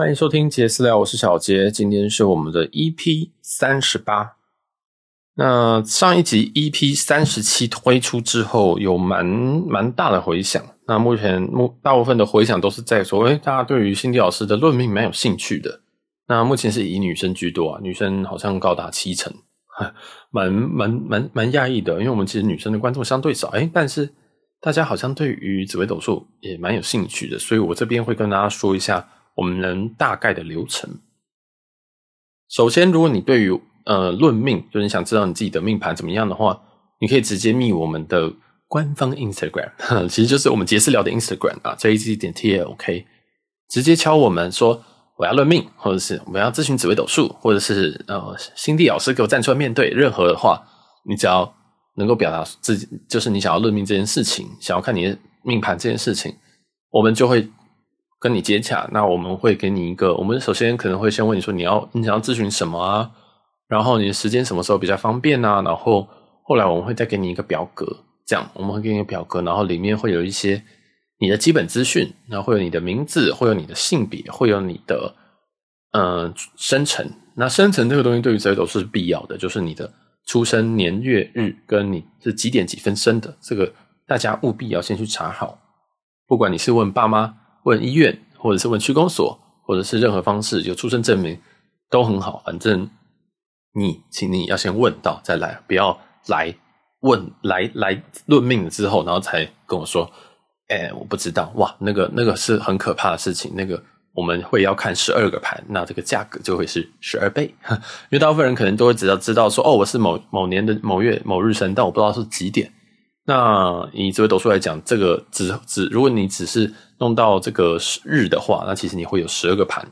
歡迎收聽傑私聊，我是小傑。今天是我們的 EP 三十八。那上一集 EP 三十七推出之後，有蠻蠻大的回響。那目前目大部分的回響都是在說，哎，大家對於辛迪老師的論命蠻有興趣的。那目前是以女生居多啊，女生好像高達七成，哈，蠻蠻蠻蠻訝異的，因為我們其實女生的觀眾相對少，哎，但是大家好像對於紫微斗數也蠻有興趣的，所以我這邊會跟大家說一下。我們能，大概的流程。首先，如果你對於呃論命，就是你想知道你自己的命盤怎麼樣的話，你可以直接密我們的官方 Instagram，其實就是我們傑私聊的 Instagram 啊，jazz 點 talk，直接敲我們說，我要論命，或者是我們要諮詢紫微斗數，或者是呃，星地老師給我站出來面對任何的話，你只要能夠表達自己，就是你想要論命這件事情，想要看你的命盤這件事情，我們就會。跟你接洽，那我們會給你一個，我們首先可能會先問你說你要你想要諮詢什麼啊，然後你的時間什麼時候比較方便呢？啊？然後後來我們會再給你一個表格，這樣我們會給你一個表格，然後裡面會有一些你的基本資訊，然後會有你的名字，會有你的性別，會有你的嗯、呃、生辰，那生辰這個東西對於這裡都是必要的，就是你的出生年月日跟你是幾點幾分生的，這個大家務必要先去查好，不管你是問爸媽。問醫院，或者是問區公所，或者是任何方式有出生證明都很好。反正你，請你要先問到再來，不要來問來來論命了之後，然後才跟我說：“哎，我不知道。”哇，那個那個是很可怕的事情。那個我們會要看十二個盤，那這個價格就會是十二倍。 因為大部分人可能都會只要知道說：“哦，我是某某年的某月某日生，但我不知道是幾點。”那以這位斗數來講，這個只只如果你只是。弄到這個日的話，那其實你會有十二個盤，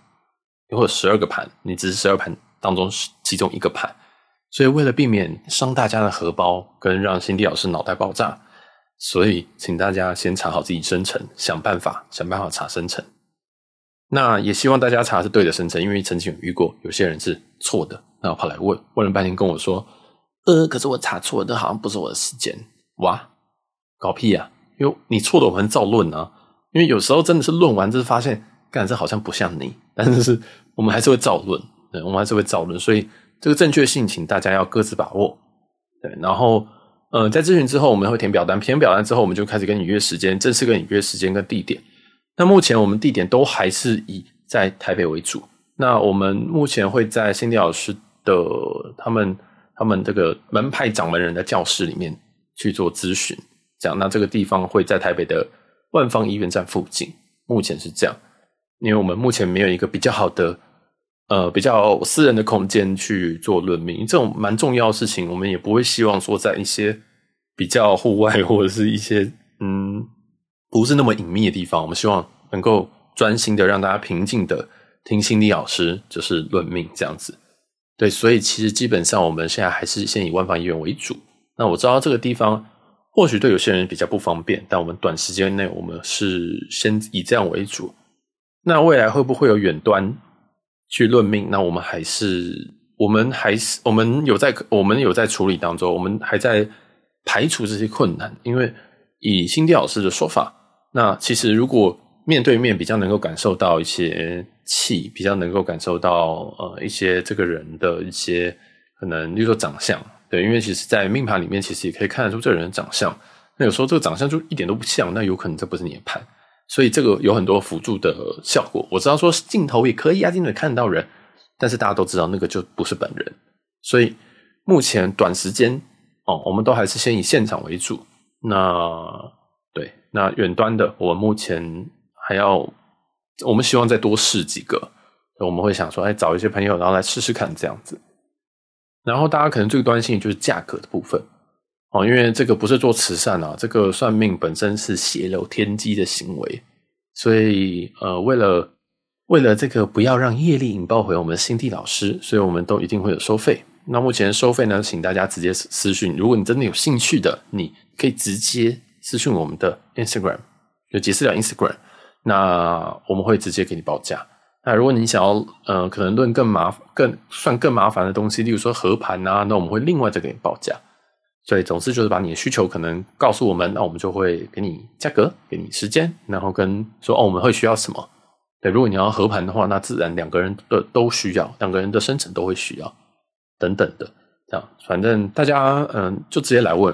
你會有十二個盤，你只是十二盤當中其中一個盤，所以為了避免傷大家的荷包跟讓新地老師腦袋爆炸，所以請大家先查好自己生辰，想辦法想辦法查生辰。那也希望大家查的是對的生辰，因為曾經有遇過有些人是錯的，那我跑來問問了半天，跟我說：“呃，可是我查錯了，好像不是我的時間。”哇，搞屁啊！因為你錯的我很照論啊！因為有時候真的是論完，就是發現，幹，這好像不像你，但是是我們還是會照論，對，我們還是會照論，所以這個正確性請大家要各自把握，對。然後，呃，在諮詢之後，我們會填表單，填表單之後，我們就開始跟你約時間，正式跟你約時間跟地點。那目前我們地點都還是以在台北為主。那我們目前會在辛迪老師的他們他們這個門派掌門人的教室裡面去做諮詢，這樣。那這個地方會在台北的，萬方醫院站附近，目前是這樣，因為我們目前沒有一個比較好的，呃，比較私人的空間去做論命。這種蠻重要的事情，我們也不會希望說在一些比較戶外或者是一些嗯不是那麼隱祕的地方。我們希望能夠專心的讓大家平靜的聽心理老師就是論命這樣子。對，所以其實基本上我們現在還是先以萬方醫院為主。那我知道這個地方。或許對有些人比較不方便，但我們短時間內我們是先以這樣為主。那未來會不會有遠端去論命？那我們還是我們還是我們有在我們有在處理當中，我們還在排除這些困難。因為以新迪老師的說法，那其實如果面對面比較能夠感受到一些氣，比較能夠感受到呃一些這個人的一些可能，例如說長相。對，因為其實，在命盤裡面，其實也可以看得出這個人的長相。那有時候這個長相就一點都不像，那有可能這不是你的盤。所以這個有很多輔助的效果。我知道說鏡頭也可以啊，鏡頭也看得到人，但是大家都知道那個就不是本人。所以目前短時間哦，我們都還是先以現場為主。那對，那遠端的，我們目前還要，我們希望再多試幾個。我們會想說，哎，找一些朋友，然後來試試看這樣子。然後大家可能最關心的就是價格的部分，哦，因為這個不是做慈善啊，這個算命本身是泄露天機的行為，所以呃，為了為了這個不要讓業力引爆回我們的心地老師，所以我們都一定會有收費。那目前收費呢，請大家直接私信，如果你真的有興趣的，你可以直接私信我們的 Instagram，就解釋了 Instagram，那我們會直接給你報價。那如果你想要呃，可能論更麻煩、更算更麻煩的東西，例如說合盤啊，那我們會另外再給你報價。所以總之就是把你的需求可能告訴我們，那我們就會給你價格，給你時間，然後跟說哦，我們會需要什麼。對，如果你要合盤的話，那自然兩個人的都，都需要，兩個人的生辰都會需要，等等的這樣。反正大家嗯、呃，就直接來問，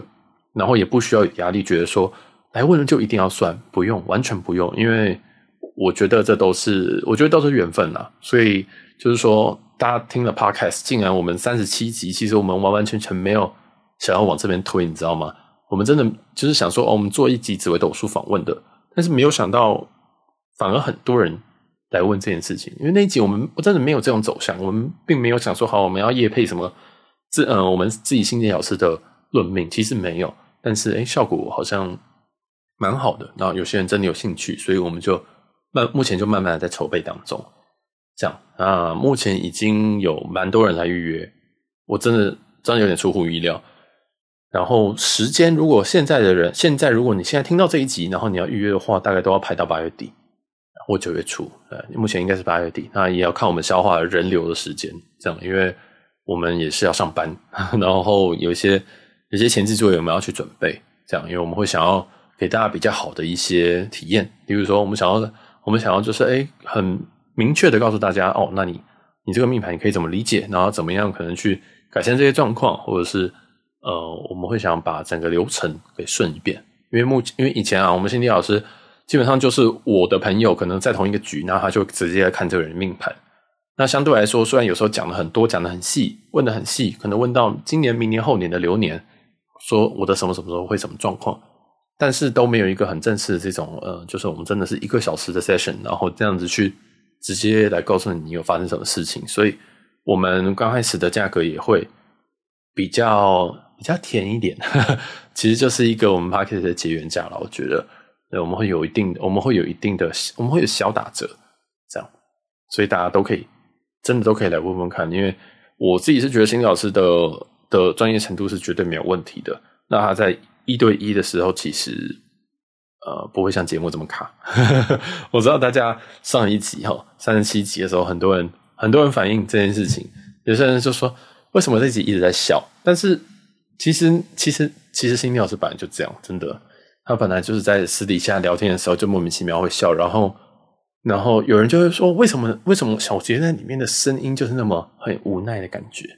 然後也不需要有壓力，覺得說來問了就一定要算，不用，完全不用，因為。我覺得這都是，我覺得都是緣分吶。所以就是說，大家聽了 Podcast，竟然我們三十七集，其實我們完完全全沒有想要往這邊推，你知道嗎？我們真的就是想說，哦，我們做一集紫微斗數訪問的，但是沒有想到，反而很多人來問這件事情。因為那一集我們我真的沒有這種走向，我們並沒有想說，好，我們要業配什麼自嗯、呃，我們自己星爺老師的論命，其實沒有。但是誒、欸，效果好像蠻好的。那有些人真的有興趣，所以我們就。那目前就慢慢的在籌備當中。這樣啊，目前已經有蠻多人來預約，我真的真的有點出乎意料。然後時間，如果現在的人，現在如果你現在聽到這一集，然後你要預約的話，大概都要排到八月底或九月初。呃，目前應該是八月底，那也要看我們消化人流的時間，這樣，因為我們也是要上班，然後有一些有些前置作業我們要去準備，這樣，因為我們會想要給大家比較好的一些體驗，比如說我們想要。我們想要就是哎，很明確的告訴大家哦，那你你這個命盤你可以怎麼理解，然後怎麼樣可能去改善這些狀況，或者是呃，我們會想把整個流程給順一遍。因為目前，因為以前啊，我們心理老師基本上就是我的朋友，可能在同一個局，那他就直接看這個人的命盤。那相對來說，雖然有時候講的很多，講的很細，問的很細，可能問到今年、明年、後年的流年，說我的什麼什麼時候會什麼狀況。但是都沒有一個很正式的這種呃，就是我們真的是一個小時的 session，然後這樣子去直接來告訴你，你有發生什麼事情。所以我們剛開始的價格也會比較比較甜一點， 其實就是一個我們 market 的結緣價了。我覺得，我們會有一定的，我們會有一定的，我們會有小打折，這樣，所以大家都可以真的都可以來問問看，因為我自己是覺得心理老師的的專業程度是絕對沒有問題的，那他在。一對一的時候，其實呃不會像節目這麼卡。 我知道大家上一集哈三十七集的時候，很多人很多人反映這件事情，有些人就說為什麼這一集一直在笑？但是其實其實其實新苗老師本來就這樣，真的，他本來就是在私底下聊天的時候就莫名其妙會笑，然後然後有人就會說為什麼為什麼小傑在裡面的聲音就是那麼很無奈的感覺？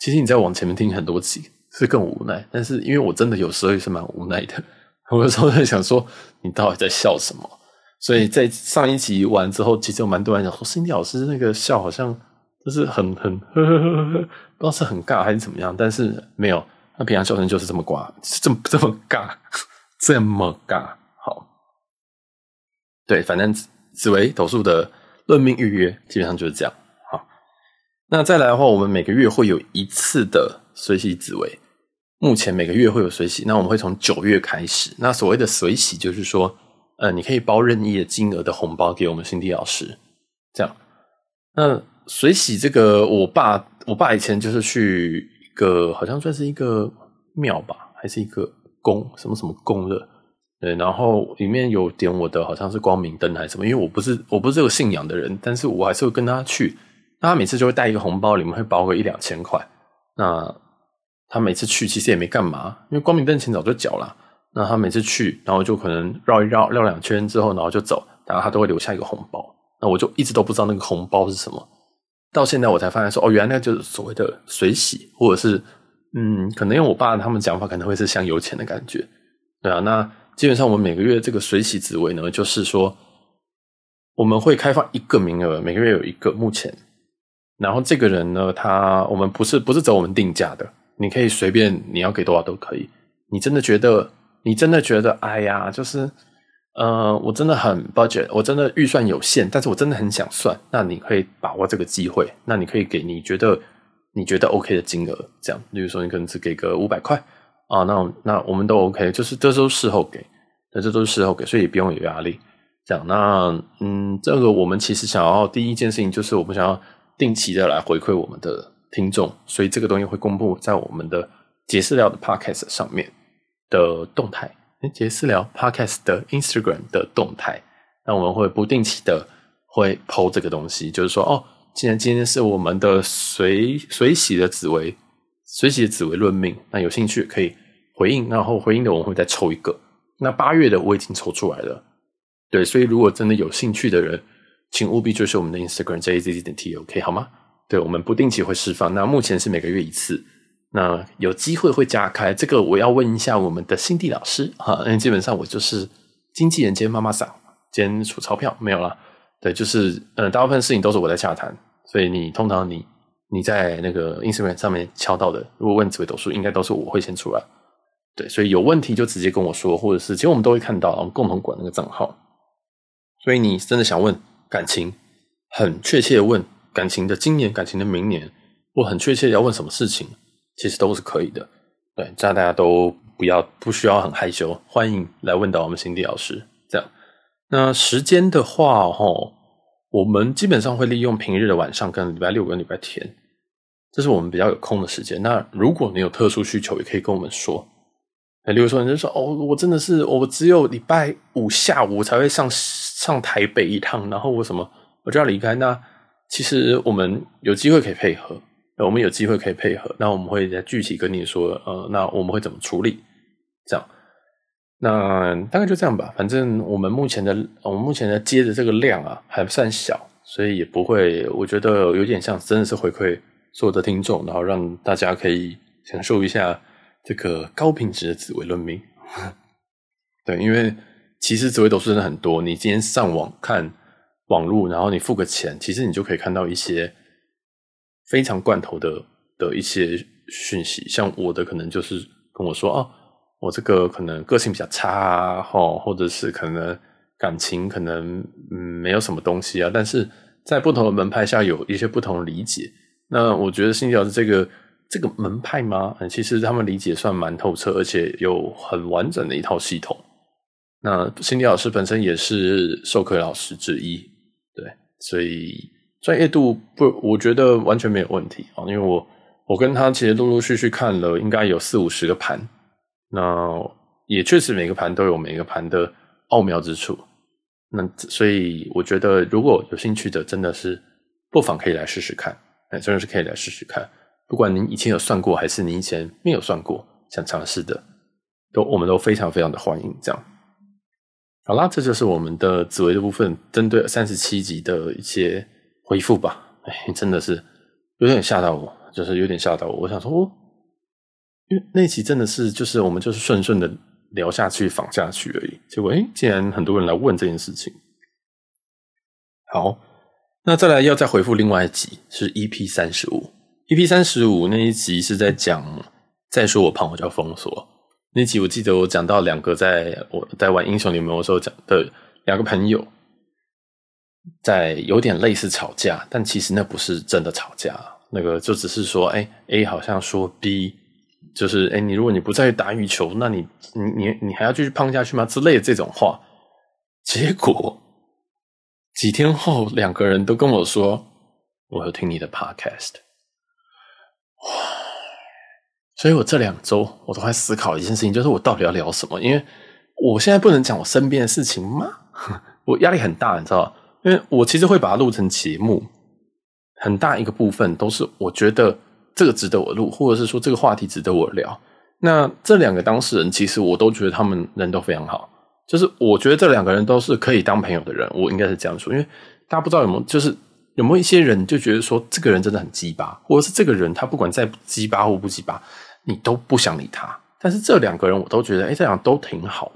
其實你在往前面聽很多集。是更無奈，但是因為我真的有時候也是蠻無奈的，我有時候在想說你到底在笑什麼？所以在上一集完之後，其實有蠻多人講說：“辛迪老師那個笑好像就是很很呵呵呵呵呵，不知道是很尬還是怎麼樣。”但是沒有，那平常笑聲就是這麼瓜，這麼這麼，這麼尬，這麼尬。好，對，反正紫微斗數的論命預約基本上就是這樣。好，那再來的話，我們每個月會有一次的隨喜紫微。目前每個月會有隨喜，那我們會從九月開始。那所謂的隨喜，就是說，呃，你可以包任意的金額的紅包給我們心地老師，這樣。那隨喜這個，我爸，我爸以前就是去一個，好像算是一個廟吧，還是一個宮，什麼什麼宮的，對。然後裡面有點我的，好像是光明燈還是什麼。因為我不是，我不是有信仰的人，但是我還是會跟他去。那他每次就會帶一個紅包，裡面會包個一兩千塊。那他每次去其實也沒幹嘛，因為光明燈錢早就繳了。那他每次去，然後就可能繞一繞，繞兩圈之後，然後就走。然後他都會留下一個紅包。那我就一直都不知道那個紅包是什麼，到現在我才發現說，哦，原來那就是所謂的隨喜，或者是嗯，可能因為我爸他們講法可能會是像有錢的感覺，對啊，那基本上我們每個月這個隨喜職位呢，就是說我們會開放一個名額，每個月有一個，目前。然後這個人呢，他我們不是不是走我們定價的。你可以隨便，你要給多少都可以。你真的覺得，你真的覺得，哎呀，就是，呃，我真的很 budget，我真的預算有限，但是我真的很想算。那你可以把握這個機會，那你可以給你覺得你覺得 OK 的金額，這樣。例如說，你可能只給個五百塊啊，那那我們都 OK，就是這都是事後給，那這都事後給，所以也不用有壓力。這樣，那嗯，這個我們其實想要第一件事情就是，我們想要定期的來回饋我們的。聽眾，所以這個東西會公布在我們的傑私聊的 Podcast 上面的動態，傑私聊 Podcast 的 Instagram 的動態。那我們會不定期的會 Po 這個東西，就是說，哦，既然今天是我們的隨隨喜的紫微，隨喜的紫微論命，那有興趣可以回應，然後回應的我們會再抽一個。那八月的我已經抽出來了，對，所以如果真的有興趣的人，請務必追隨我們的 Instagram jazz.talk，好嗎？對，我們不定期會釋放。那目前是每個月一次，那有機會會加開。這個我要問一下我們的新地老師啊，因為基本上我就是經紀人兼媽媽桑，兼數鈔票沒有啦。對，就是呃，大部分事情都是我在洽談。所以你通常你你在那個 Instagram 上面敲到的，如果問紫微斗數，應該都是我會先出來。對，所以有問題就直接跟我說，或者是其實我們都會看到，我們共同管那個賬號。所以你真的想問感情，很確切的問。感情的今年，感情的明年，我很確切要問什麼事情，其實都是可以的。對，這樣大家都不要，不需要很害羞，歡迎來問到我們心地老師。這樣，那時間的話，哦，我們基本上會利用平日的晚上跟禮拜六跟禮拜天，這是我們比較有空的時間。那如果你有特殊需求，也可以跟我們說。那例如說，人家說，你就說哦，我真的是，我只有禮拜五下午才會上上台北一趟，然後我什麼，我就要離開，那。其實我們有機會可以配合，我們有機會可以配合，那我們會再具體跟你說，呃，那我們會怎麼處理？這樣，那大概就這樣吧。反正我們目前的，我們目前在接的這個量啊，還算小，所以也不會，我覺得有點像真的是回饋所有的聽眾，然後讓大家可以享受一下這個高品質的紫微論命。 對，因為其實紫微斗數真的很多，你今天上網看。網絡，然後你付個錢，其實你就可以看到一些非常罐頭的的一些訊息。像我的可能就是跟我說：“哦、啊，我這個可能個性比較差哈，或者是可能感情可能沒有什麼東西啊。”但是在不同的門派下有一些不同的理解。那我覺得心理老師這個這個門派嘛，嗯，其實他們理解算蠻透徹，而且有很完整的一套系統。那心理老師本身也是授課老師之一。對，所以專業度不，我覺得完全沒有問題啊，因為我我跟他其實陸陸續續看了應該有四五十個盤，那也確實每個盤都有每個盤的奧妙之處，那所以我覺得如果有興趣的真的是不妨可以來試試看，誒，欸，真的是可以來試試看，不管您以前有算過還是您以前沒有算過，想嘗試的，都我們都非常非常的歡迎這樣。好啦，這就是我們的紫微的部分，針對三十七集的一些回復吧。哎，真的是有點嚇到我，就是有點嚇到我。我想說，哦，因為那一集真的是就是我們就是順順的聊下去、仿下去而已，結果哎，竟然很多人來問這件事情。好，那再來要再回復另外一集是 E P 三十五，E P 三十五那一集是在講，嗯，再說我胖我就要封鎖。那集我記得我講到兩個在我在玩英雄聯盟的時候講的兩個朋友，在有點類似吵架，但其實那不是真的吵架，那個就只是說，誒，欸，A 好像說 B，就是誒，欸，你如果你不再打羽球，那你你你你還要繼續胖下去嗎？之類的這種話。結果幾天後，兩個人都跟我說：“我要聽你的 Podcast。”哇。所以我這兩周我都在思考一件事情，就是我到底要聊什麼？因為我現在不能講我身邊的事情嗎？ 我壓力很大，你知道吧？因為我其實會把它錄成節目，很大一個部分都是我覺得這個值得我錄，或者是說這個話題值得我聊。那這兩個當事人，其實我都覺得他們人都非常好，就是我覺得這兩個人都是可以當朋友的人。我應該是這樣說，因為大家不知道有沒有，就是有沒有一些人就覺得說這個人真的很雞巴，或者是這個人他不管在雞巴或不雞巴。你都不想理他，但是這兩個人我都覺得，哎、欸，這兩個都挺好。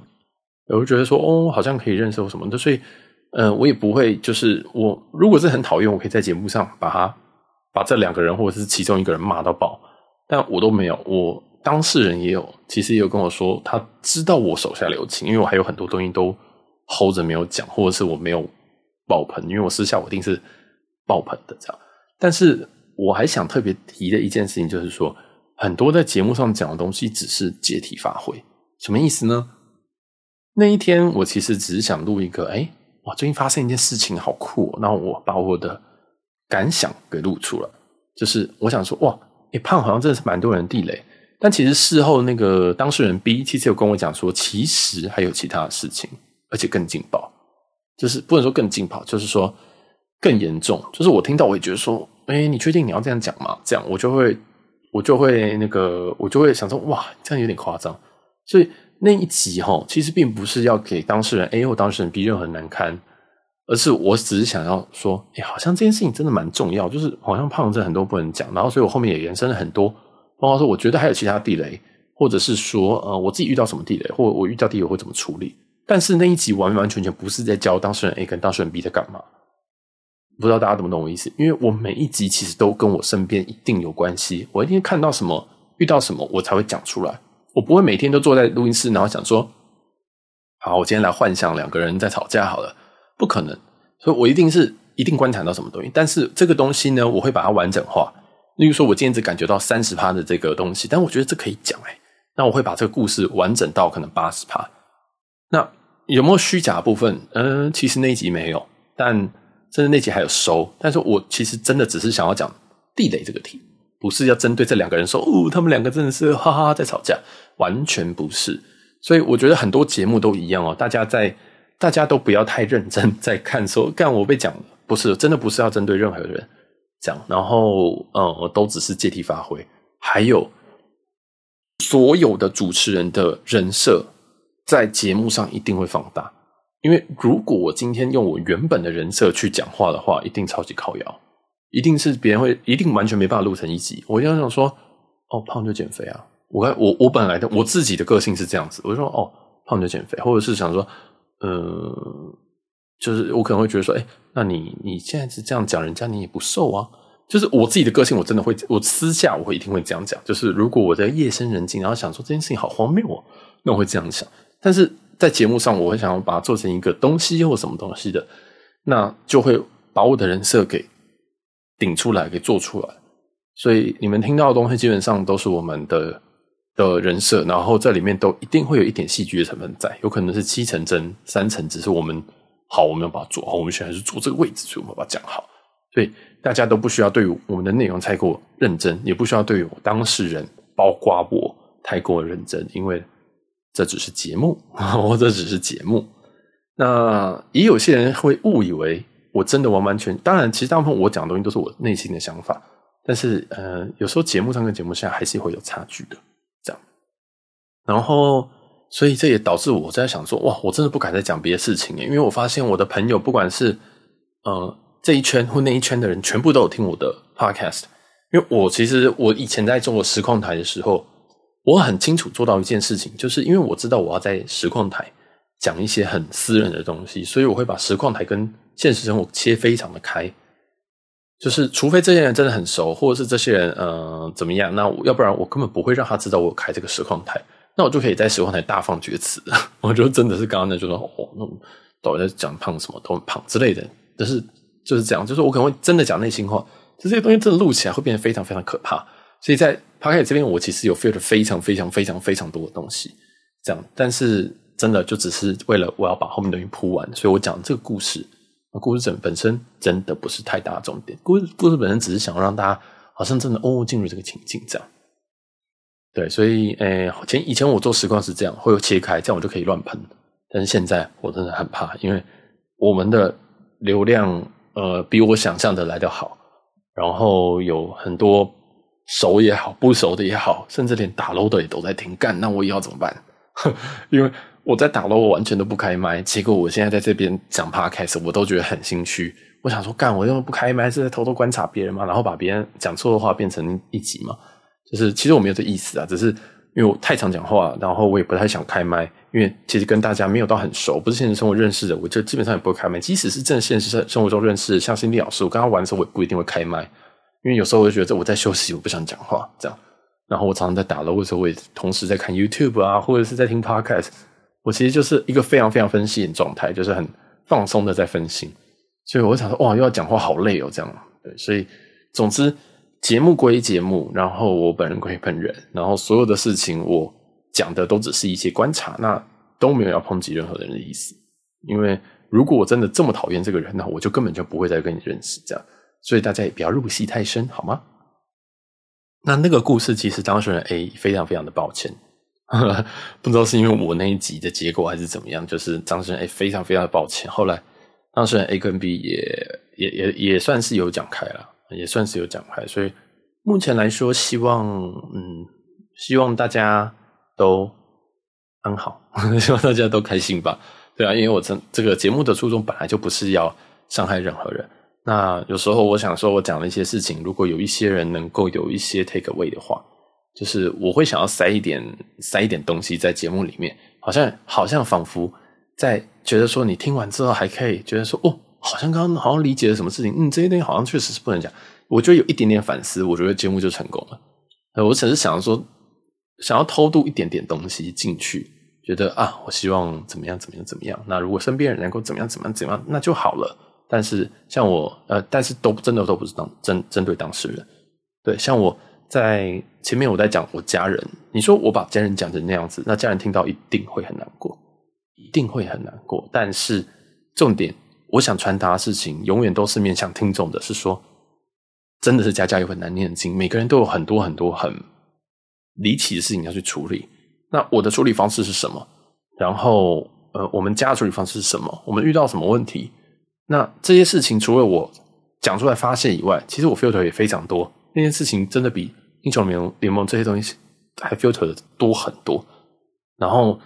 我就覺得說，哦，好像可以認識我什麼的，所以，嗯、呃，我也不會，就是我如果是很討厭，我可以在節目上把他把這兩個人或者是其中一個人罵到爆，但我都沒有。我當事人也有，其實也有跟我說，他知道我手下留情，因為我還有很多東西都 hold 着沒有講，或者是我沒有爆棚，因為我私下我一定是爆棚的這樣。但是我還想特別提的一件事情就是說。很多在節目上講的東西只是借題發揮，什麼意思呢？那一天我其實只是想錄一個，哎、欸，哇，最近發生一件事情好酷，哦，然後我把我的感想給錄出了。就是我想說，哇，你、欸、胖好像真的是蠻多人地雷，但其實事後那個當事人 B 其實有跟我講說，其實還有其他的事情，而且更勁爆，就是不能說更勁爆，就是說更嚴重。就是我聽到我也覺得說，哎、欸，你確定你要這樣講嗎？這樣我就會。我就會那個，我就會想說，哇，這樣有點誇張。所以那一集齁，其實並不是要給當事人 A 或當事人 B 任何難堪，而是我只是想要說，欸，好像這件事情真的蠻重要，就是好像胖子很多不能講，然後所以我後面也延伸了很多，包括說我覺得還有其他地雷，或者是說呃，我自己遇到什麼地雷，或我遇到地雷會怎麼處理。但是那一集完完全全不是在教當事人 A 跟當事人 B 在幹嘛。不知道大家懂不懂我意思？因為我每一集其實都跟我身邊一定有關係，我一定看到什麼、遇到什麼，我才會講出來。我不會每天都坐在錄音室，然後想說：“好，我今天來幻想兩個人在吵架好了。”不可能，所以我一定是一定觀察到什麼東西。但是這個東西呢，我會把它完整化。例如說，我今天只感覺到三十趴的這個東西，但我覺得這可以講哎、欸，那我會把這個故事完整到可能八十趴。那有沒有虛假的部分？嗯、呃，其實那一集沒有，但。甚至那集還有收，但是我其實真的只是想要講地雷這個題，不是要針對這兩個人說哦，他們兩個真的是哈，哈哈哈在吵架，完全不是。所以我覺得很多節目都一樣哦，大家在大家都不要太認真在看說，說幹我被講了，不是，真的不是要針對任何人講。然後呃，嗯、我都只是借題發揮，還有所有的主持人的人設在節目上一定會放大。因為如果我今天用我原本的人設去講話的話，一定超級靠腰，一定是別人會一定完全沒辦法錄成一集。我就想說，哦，胖就減肥啊！我我我本來的我自己的個性是這樣子，我就說哦，胖就減肥，或者是想說，嗯、呃，就是我可能會覺得說，哎，那你你現在是這樣講，人家你也不瘦啊。就是我自己的個性，我真的會，我私下我會一定會這樣講。就是如果我在夜深人靜，然後想說這件事情好荒謬哦、啊，那我會這樣想。但是。在節目上，我會想要把它做成一個東西或什麼東西的，那就會把我的人設給頂出來，給做出來。所以你們聽到的東西基本上都是我們的的人設，然後在裡面都一定會有一點戲劇的成分在，有可能是七成真，三成只是我們好，我們要把它做好，我們選擇是做這個位置，所以我們把它講好。所以大家都不需要對我們的內容太過認真，也不需要對我當事人，包括我太過認真，因為。這只是節目，我這只是節目。那也有些人會誤以為我真的完完全當然，其實當中我講的東西都是我內心的想法。但是呃，有時候節目上跟節目下還是會有差距的。這樣，然後所以這也導致我在想說，哇，我真的不敢再講別的事情耶，因為我發現我的朋友不管是呃這一圈或那一圈的人，全部都有聽我的 podcast。因為我其實我以前在做我實況台的時候。我很清楚做到一件事情，就是因為我知道我要在實況台講一些很私人的東西，所以我會把實況台跟現實生活切非常的開，就是除非這些人真的很熟，或者是這些人嗯、呃、怎麼樣，那要不然我根本不會讓他知道我有開這個實況台，那我就可以在實況台大放厥詞。 我就真的是剛剛那就說哦，那到底在講胖什麼都很胖之類的，但是就是這樣，就是我可能會真的講內心話，就這些東西真的錄起來會變得非常非常可怕，所以在。拋開這邊，我其實有 feel 的非常非常非常非常多的東西，這樣，但是真的就只是為了我要把後面的東西鋪完，所以我講這個故事，故事整本身真的不是太大的重點，故事故事本身只是想要讓大家好像真的哦進入這個情境這樣。對，所以誒、呃，以前我做實況是這樣，會有切開，這樣我就可以亂噴，但是現在我真的很怕，因為我們的流量呃比我想象的來得好，然後有很多。熟也好，不熟的也好，甚至連打樓的也都在聽，幹，那我也要怎麼辦？哼，因為我在打樓，我完全都不開麥。結果我現在在這邊講 Podcast，我都覺得很心虛。我想說，幹，我因為不開麥是在偷偷觀察別人嘛，然後把別人講錯的話變成一集嘛。就是其實我沒有這意思啊，只是因為我太常講話，然後我也不太想開麥。因為其實跟大家沒有到很熟，不是現實生活認識的，我就基本上也不會開麥。即使是正現實生活中認識，像新李老師，我跟他玩的時候，我也不一定會開麥。因為有時候我就覺得，我在休息，我不想講話，這樣。然後我常常在打，的時候，我也同時在看 YouTube 啊，或者是在聽 Podcast。我其實就是一個非常非常分心的狀態，就是很放鬆的在分心。所以我想說，哇，又要講話，好累哦，這樣。對，所以總之，節目歸節目，然後我本人歸本人，然後所有的事情我講的都只是一些觀察，那都沒有要抨擊任何人的意思。因為如果我真的這麼討厭這個人，那我就根本就不會再跟你認識，這樣。所以大家也不要入戲太深，好嗎？那那個故事其實當事人 A 非常非常的抱歉，呵呵，不知道是因為我那一集的結果還是怎麼樣，就是當事人 A 非常非常的抱歉。後來當事人 A 跟 B 也也也也算是有講開了，也算是有講開。所以目前來說，希望嗯，希望大家都安好，希望大家都開心吧。對啊，因為我這這個節目的初衷本來就不是要傷害任何人。那有時候我想說，我講了一些事情，如果有一些人能夠有一些 take away 的話，就是我會想要塞一點塞一點東西在節目裡面，好像好像仿佛在覺得說，你聽完之後還可以覺得說，哦，好像剛剛好像理解了什麼事情，嗯，這些東西好像確實是不能講，我就有一點點反思，我覺得節目就成功了。我只是想說，想要偷渡一點點東西進去，覺得啊，我希望怎麼樣怎麼樣怎麼樣。那如果身邊人能夠怎麼樣怎麼樣怎麼樣，那就好了。但是像我呃，但是都真的都不是當針針對當事人。對，像我在前面我在講我家人，你說我把家人講成那樣子，那家人聽到一定會很難過，一定會很難過。但是重點，我想傳達的事情永遠都是面向聽眾的，是說真的是家家有本難念的經，每個人都有很多很多很離奇的事情要去處理。那我的處理方式是什麼？然後呃，我們家的處理方式是什麼？我們遇到什麼問題？那這些事情，除了我講出來發洩以外，其實我 filter 也非常多。那件事情真的比英雄聯聯盟這些東西還 filter 的多很多。然後，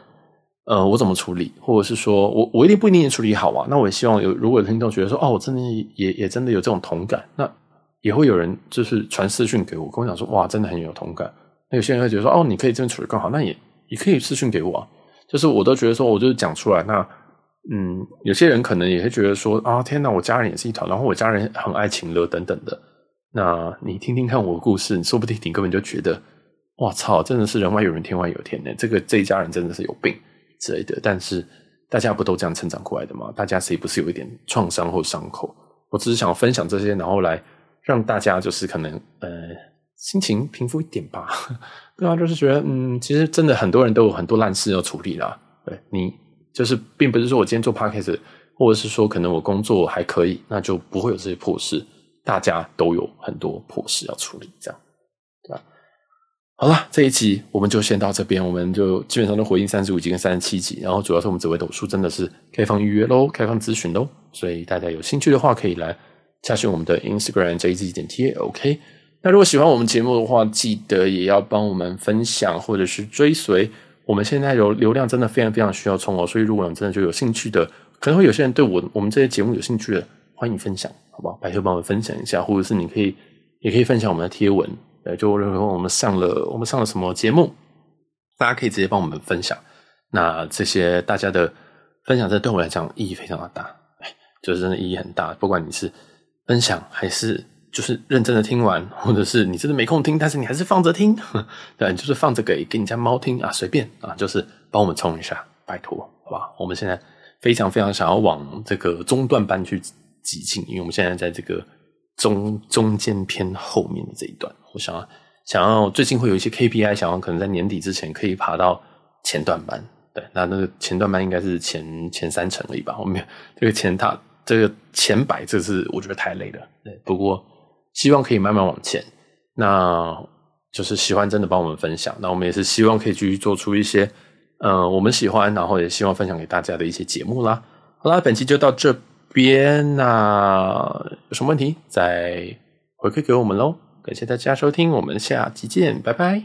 呃，我怎麼處理，或者是說，我我一定不一定處理好啊？那我也希望有如果有聽眾覺得說，哦，我真的也也真的有這種同感，那也會有人就是傳私訊給我，跟我講說，哇，真的很有同感。那有些人會覺得說，哦，你可以這樣處理更好，那也也可以私訊給我啊。就是我都覺得說，我就是講出來那。嗯，有些人可能也會覺得說啊，天哪，我家人也是一團，然後我家人很愛情勒等等的。那你聽聽看我的故事，你說不定你根本就覺得，哇操，真的是人外有人，天外有天呢。這個這一家人真的是有病之類的。但是大家不都這樣成長過來的嗎？大家誰不是有一點創傷或傷口？我只是想分享這些，然後，來讓大家就是可能呃心情平復一點吧。對啊，就是覺得嗯，其實真的很多人都有很多爛事要處理啦。對你。就是並不是說我今天做 podcast，或者是說可能我工作還可以，那就不會有這些破事。大家都有很多破事要處理，這樣對吧？好啦，這一集我們就先到這邊，我們就基本上都回應三十五集跟三十七集，然後主要是我們紫微斗數真的是開放預約嘍，開放諮詢嘍，所以大家有興趣的話可以來加詢我們的 Instagram jazz 點 talk，OK。那如果喜歡我們節目的話，記得也要幫我們分享或者是追隨。我們現在流流量真的非常非常需要衝哦，所以如果你真的就有興趣的，可能會有些人對我我們這些節目有興趣的，歡迎分享，好不好？拜託幫我們分享一下，或者是你可以也可以分享我們的貼文，呃，就認為我們上了我們上了什麼節目，大家可以直接幫我們分享。那這些大家的分享在對我來講意義非常的大，就是真的意義很大，不管你是分享還是。就是認真的聽完，或者是你真的沒空聽，但是你還是放着聽， 對，你就是放着給給你家貓聽啊，隨便啊，就是幫我們衝一下，拜託，好吧？我們現在非常非常想要往這個中段班去擠進，因為我們現在在這個中中間偏後面的這一段，我想要想要最近會有一些 KPI，想要可能在年底之前可以爬到前段班，對，那那個前段班應該是前前三成裡吧，我沒有這個前，塔，這個前百這是我覺得太累了，對，不過。希望可以慢慢往前，那就是喜歡真的幫我們分享，那我們也是希望可以繼續做出一些，呃，我們喜歡，然後也希望分享給大家的一些節目啦。好啦，本期就到這邊，那有什麼問題再回饋給我們嘍。感謝大家收聽，我們下期見，拜拜。